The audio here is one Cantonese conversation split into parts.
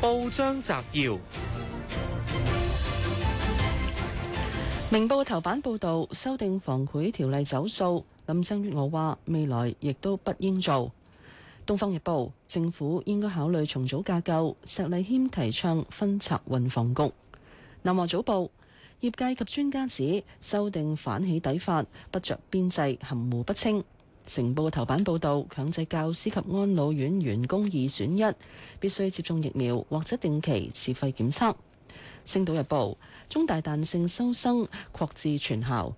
報章摘要：明報頭版報道修訂防賄條例走數，林鄭月娥話未來亦都不應做。東方日報，政府應該考慮重組架構，石禮謙提倡分拆運房局。南華早報，業界及專家指修訂反起底法不着邊際，含糊不清。成報嘅頭版報導強制教師及安老院員工二選一，必須接種疫苗或者定期自費檢測。星島日報中大彈性收生擴至全校。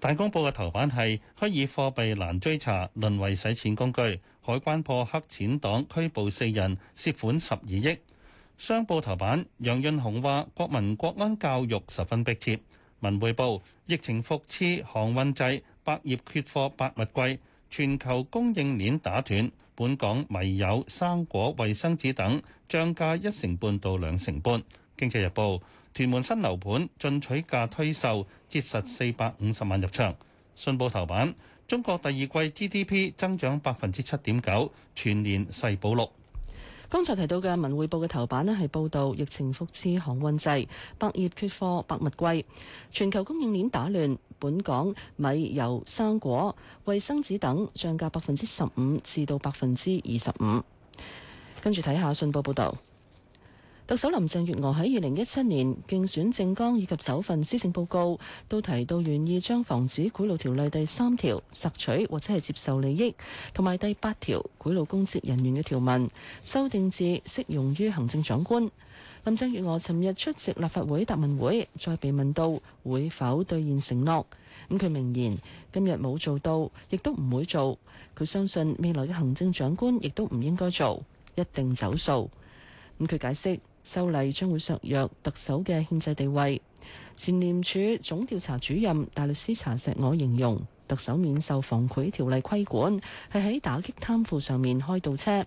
大公報嘅頭版係虛擬貨幣難追查，淪為洗錢工具。海關破黑錢黨，拘捕四人，涉款十二億。商報頭版楊潤雄話：國民國安教育十分迫切。文匯報疫情復熾，航運制。百業缺貨百物貴，全球供應鏈打斷，本港米油生果、衛生紙等漲價一成半到兩成半。經濟日報，屯門新樓盤進取價推售，折實四百五十萬入場。信報頭版，中國第二季 GDP 增長百分之七點九，全年勢保六。剛才提到嘅《文匯報》嘅頭版咧，係報道疫情復滋，航運滯，百業缺貨，百物貴，全球供應鏈打亂，本港米、油、生果、衛生紙等漲價百分之十五至到百分之二十五。跟住睇下《信報》報道。特首林鄭月娥喺二零一七年競選政綱以及首份施政報告都提到，願意將防止賄賂條例第三條索取或者係接受利益，同埋第八條賄賂公職人員嘅條文修訂至適用於行政長官。林鄭月娥尋日出席立法會答問會，再被問到會否兌現承諾，咁佢明言今日冇做到，亦都唔會做。佢相信未來嘅行政長官亦都唔應該做，一定走數。咁佢解釋。修例將會削弱特首嘅憲制地位。前廉署總調查主任大律師查錫我形容，特首免受防賄條例規管係喺打擊貪腐上面開倒車。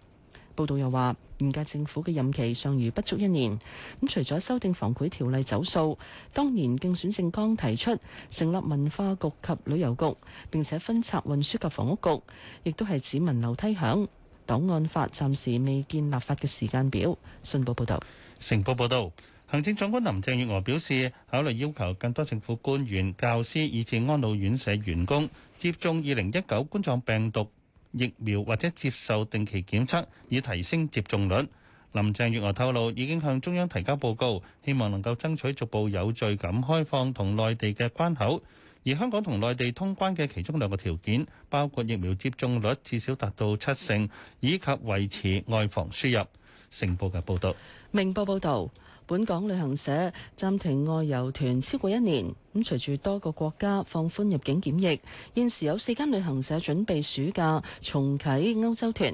報道又話，現屆政府嘅任期尚餘不足一年。咁除咗修訂防賄條例走數，當年競選政綱提出成立文化局及旅遊局，並且分拆運輸及房屋局，亦都係只聞樓梯響。檔案法暫時未見立法嘅時間表。信報報道。成報報導，行政長官林鄭月娥表示，考慮要求更多政府官員、教師以至安老院舍員工接種二零一九冠狀病毒疫苗或者接受定期檢測，以提升接種率。林鄭月娥透露，已經向中央提交報告，希望能夠爭取逐步有序咁開放同內地嘅關口。而香港同內地通關嘅其中兩個條件，包括疫苗接種率至少達到七成，以及維持外防輸入。成報嘅報導，明報報道：本港旅行社暫停外遊團超過一年。咁隨住多個國家放寬入境檢疫，現時有四間旅行社準備暑假重啟歐洲團。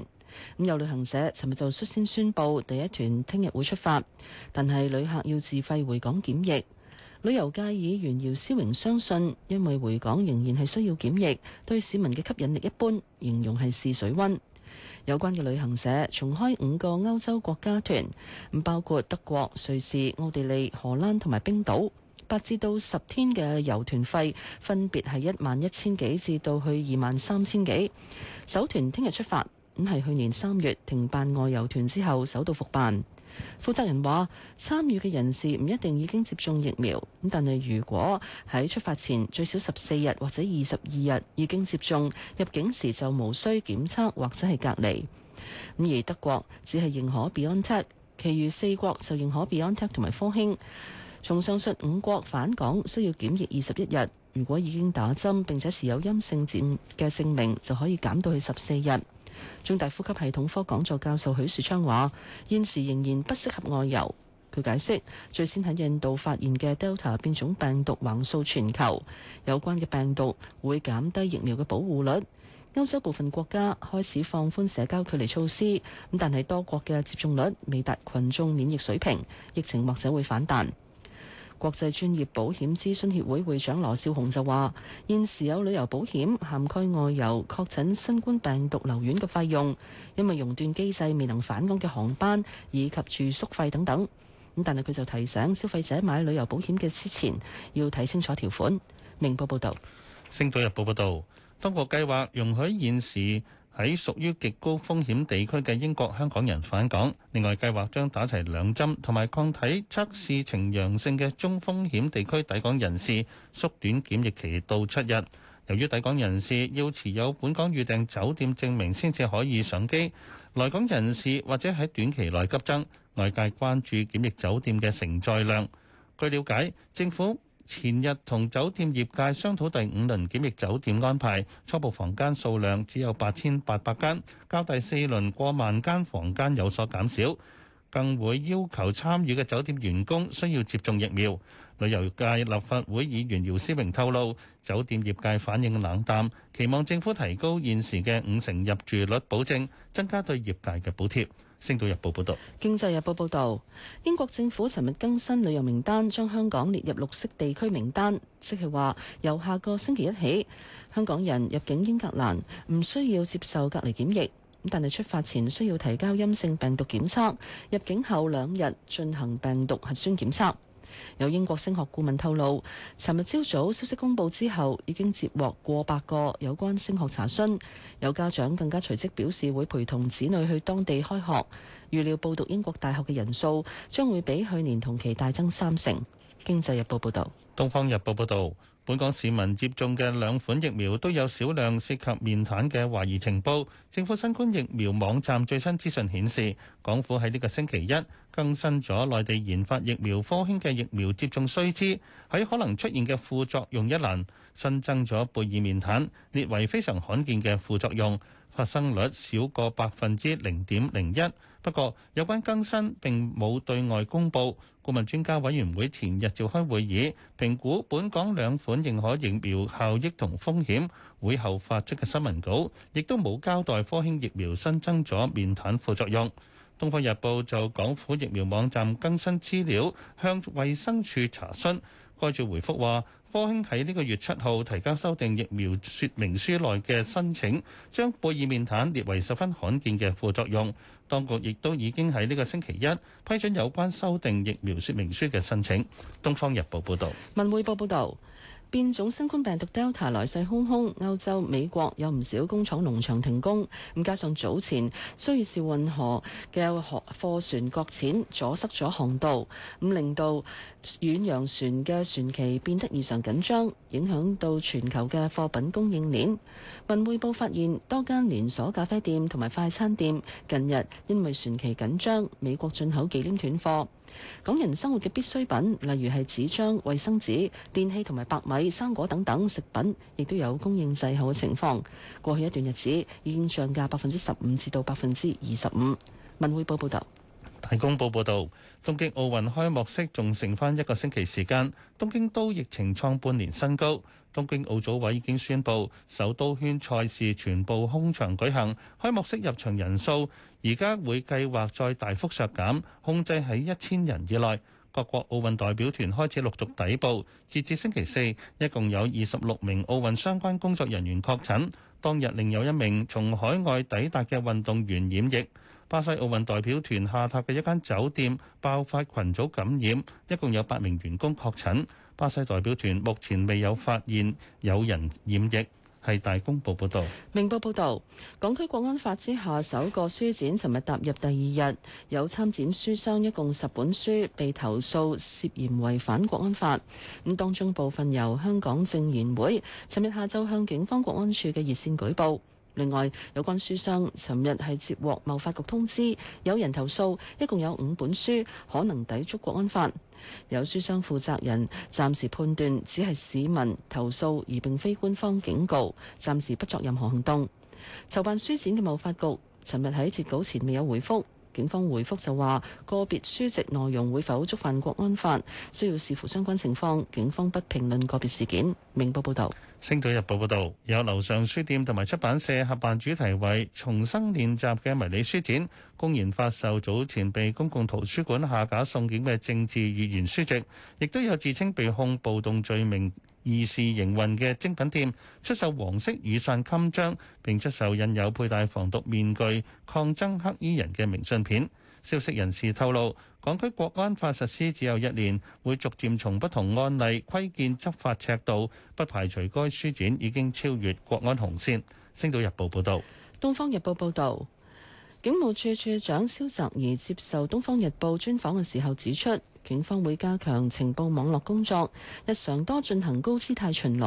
咁有旅行社尋日就率先宣布第一團聽日會出發，但係旅客要自費回港檢疫。旅遊界議員姚思榮相信，因為回港仍然係需要檢疫，對市民嘅吸引力一般，形容係試水温。有關嘅旅行社重開五個歐洲國家團，包括德國、瑞士、奧地利、荷蘭同埋冰島，八至到十天嘅遊團費分別係一萬一千幾至到去二萬三千幾。首團聽日出發，咁係去年三月停辦外遊團之後首度復辦。負責人話：參與嘅人士唔一定已經接種疫苗，咁但係如果喺出發前最少十四日或者二十二日已經接種，入境時就無需檢測或者係隔離。咁而德國只係認可 BioNTech，其餘四國就認可 BioNTech 同埋科興。從上述五國返港需要檢疫二十一日，如果已經打針並且持有陰性證嘅證明，就可以減到去十四日。中大呼吸系統科講座教授許樹昌話：現時仍然不適合外遊。佢解釋，最先喺印度發現嘅 Delta 變種病毒橫掃全球，有關嘅病毒會減低疫苗嘅保護率。歐洲部分國家開始放寬社交距離措施，咁但係多國嘅接種率未達群眾免疫水平，疫情或者會反彈。國際專業保險諮詢協會會長羅少雄就話：現時有旅遊保險涵蓋外遊確診新冠病毒留院嘅費用，因為熔斷機制未能返港嘅航班以及住宿費等等。咁但係佢就提醒消費者買旅遊保險嘅之前要睇清楚條款。明報報道，《星島日報》報道，當局計劃容許現時。喺屬於極高風險地區嘅英國，香港人返港。另外，計劃將打齊兩針同埋抗體測試呈陽性嘅中風險地區抵港人士縮短檢疫期到七日。由於抵港人士要持有本港預訂酒店證明先至可以上機，來港人士或者喺短期內急增，外界關注檢疫酒店嘅承載量。據了解，政府前日同酒店業界商討第五輪檢疫酒店安排，初步房間數量只有八千八百間，較第四輪過萬間房間有所減少。更會要求參與嘅酒店員工需要接種疫苗。旅遊界立法會議員姚思榮透露，酒店業界反應冷淡，期望政府提高現時嘅五成入住率保證，增加對業界嘅補貼。星島日報報道。經濟日報報道，英國政府尋日更新旅遊名單，將香港列入綠色地區名單，即係話由下個星期一起，香港人入境英格蘭唔需要接受隔離檢疫。但係出發前需要提交陰性病毒檢測，入境後兩日進行病毒核酸檢測。有英國升學顧問透露，尋日朝早消息公布之後，已經接獲過百個有關升學查詢，有家長更加隨即表示會陪同子女去當地開學。預料報讀英國大學嘅人數將會比去年同期大增三成。經濟日報報道。東方日報報道。本港市民接種嘅兩款疫苗都有少量涉及面癱嘅懷疑情報，政府新冠疫苗網站最新資訊顯示，港府喺呢個星期一更新咗內地研發疫苗科興嘅疫苗接種須知，喺可能出現嘅副作用一欄新增咗貝爾面癱，列為非常罕見嘅副作用。發生率少過百分之零點零一，不過有關更新並冇對外公佈。顧問專家委員會前日召開會議，評估本港兩款認可疫苗效益同風險。會後發出嘅新聞稿亦都冇交代科興疫苗新增咗面癱副作用。《東方日報》就港府疫苗網站更新資料，向衛生署查詢。該局回覆話：科興喺呢個月七號提交修訂疫苗說明書內嘅申請，將貝爾面癱列為十分罕見嘅副作用。當局亦都已經喺呢個星期一批准有關修訂疫苗說明書嘅申請。《東方日報》報道。《文匯報》報道。變種新冠病毒 Delta 來勢洶洶，歐洲、美國有唔少工廠、農場停工。咁加上早前蘇伊士運河嘅貨船擱淺，阻塞咗航道，咁令到遠洋船嘅船期變得異常緊張，影響到全球嘅貨品供應鏈。文匯報發現，多間連鎖咖啡店同埋快餐店近日因為船期緊張，美國進口忌廉斷貨。港人生活嘅必需品，例如係紙張、衛生紙、電器同埋白米、生果等等食品，亦都有供應滯後嘅情況。過去一段日子已經漲價百分之十五至到百分之二十五。文匯報報道。大公報報導，東京奧運開幕式仲剩返一個星期時間，東京都疫情創半年新高。東京奧組委已經宣布，首都圈賽事全部空場舉行，開幕式入場人數而家會計劃再大幅削減，控制喺一千人以內。各國奧運代表團開始陸續抵步。截至星期四，一共有二十六名奧運相關工作人員確診，當日另有一名從海外抵達嘅運動員染疫。巴西奧運代表團下榻嘅一間酒店爆發群組感染，一共有八名員工確診。巴西代表團目前未有發現有人染疫。係大公報報導。明報報導，港區國安法之下首個書展，尋日踏入第二日，有參展書商一共十本書被投訴涉嫌違反國安法。咁當中部分由香港政研會尋日下晝向警方國安處嘅熱線舉報。另外，有關書商尋日係接獲貿發局通知，有人投訴，一共有五本書可能抵觸國安法。有書商負責人暫時判斷，只係市民投訴，而並非官方警告，暫時不作任何行動。籌辦書展嘅貿發局尋日喺截稿前未有回覆。警方回覆就話：個別書籍內容會否觸犯國安法，需要視乎相關情況。警方不評論個別事件。明報報道，《星島日報》報道，有樓上書店同埋出版社合辦主題為《重生練習》嘅迷你書展，公然發售早前被公共圖書館下架送檢嘅政治語言書籍，亦都有自稱被控暴動罪名。二是營運嘅精品店出售黃色雨傘襟章，並出售印有佩戴防毒面具抗爭黑衣人嘅明信片。消息人士透露，港區國安法實施只有一年，會逐漸從不同案例窺見執法尺度，不排除該書展已經超越國安紅線。星島日報報道。東方日報報導。警務處處長蕭澤頤接受《東方日報》專訪嘅時候指出，警方會加強情報網絡工作，日常多進行高姿態巡邏，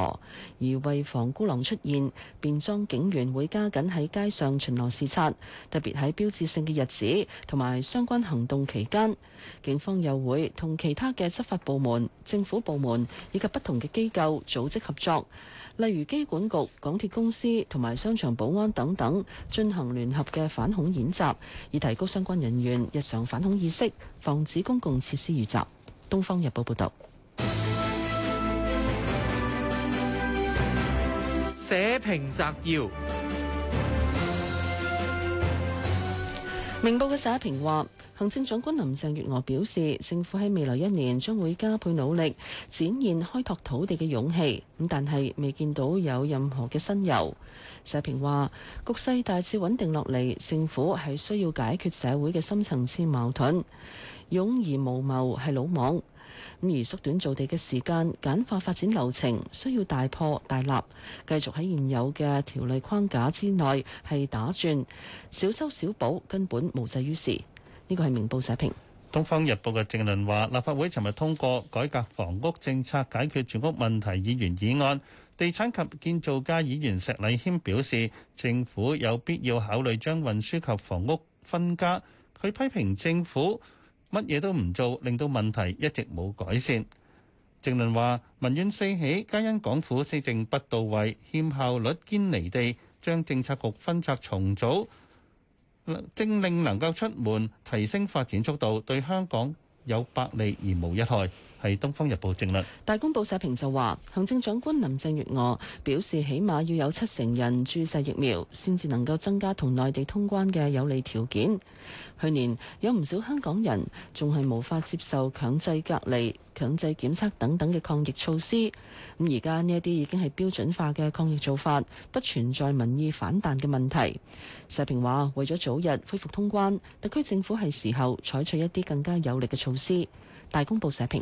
而為防孤狼出現，便裝警員會加緊喺街上巡邏視察，特別喺標誌性嘅日子同埋相關行動期間，警方又會同其他嘅執法部門、政府部門以及不同嘅機構組織合作。例如機管局、港鐵公司同埋商場保安等等進行聯合嘅反恐演習，以提高相關人員日常反恐意識，防止公共設施遇襲。《東方日報》報道。社評摘要：明報嘅社評話。行政長官林鄭月娥表示，政府喺未來一年將會加倍努力，展現開拓土地嘅勇氣。咁但係未見到有任何嘅新猷。社評話，局勢大致穩定落嚟，政府係需要解決社會嘅深層次矛盾，勇而無謀係魯莽。咁而縮短造地嘅時間，簡化發展流程，需要大破大立，繼續喺現有嘅條例框架之內係打轉，小修小補，根本無濟於事。呢個係《明報》社評，《東方日報》嘅正論話，立法會尋日通過改革房屋政策解決住屋問題議員議案。地產及建造界議員石禮謙表示，政府有必要考慮將運輸及房屋分家。佢批評政府乜嘢都唔做，令到問題一直冇改善。正論話，民怨四起，皆因港府施政不到位、欠效率、堅離地，將政策局分拆重組。政令能夠出門，提升發展速度，對香港有百利而無一害。係《東方日報》政論大公報社評就話，行政長官林鄭月娥表示，起碼要有七成人注射疫苗，先至能夠增加同內地通關嘅有利條件。去年有唔少香港人仲係無法接受強制隔離、強制檢測等等嘅抗疫措施，咁而家呢一啲已經係標準化嘅抗疫做法，不存在民意反彈嘅問題。社評話，為咗早日恢復通關，特區政府係時候採取一啲更加有力嘅措施。大公報社評。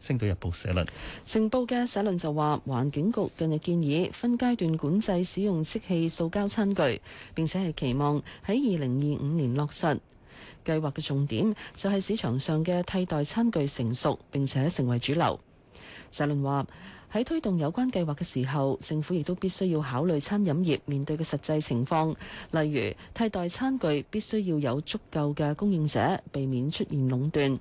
星島日報社論，成報嘅社論就話，環境局近日建議分階段管制使用即棄塑膠餐具，並且係期望喺二零二五年落實計劃嘅重點，就係市場上嘅替代餐具成熟，並且成為主流。社論話。喺推動有關計劃嘅時候，政府亦都必須要考慮餐飲業面對嘅實際情況，例如替代餐具必須要有足夠嘅供應者，避免出現壟斷；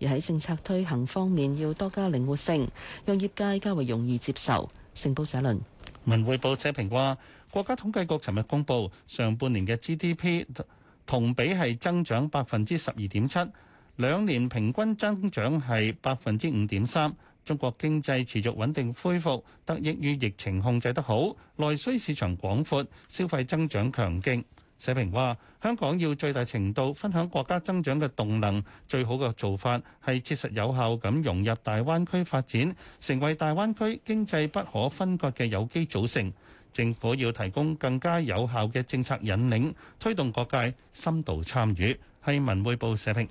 而喺政策推行方面，要多加靈活性，讓業界較為容易接受。成報社論，《文匯報》社評話：國家統計局尋日公佈上半年嘅 GDP 同比係增長百分之十二點七，兩年平均增長係百分之五點三。中國經濟持續穩定恢復，得益於疫情控制得好，內需市場廣闊，消費增長強勁。社評話，香港要最大程度分享國家增長嘅動能，最好嘅做法係切實有效噉融入大灣區發展，成為大灣區經濟不可分割嘅有機組成。政府要提供更加有效嘅政策引領，推動各界深度參與。係文匯報社評。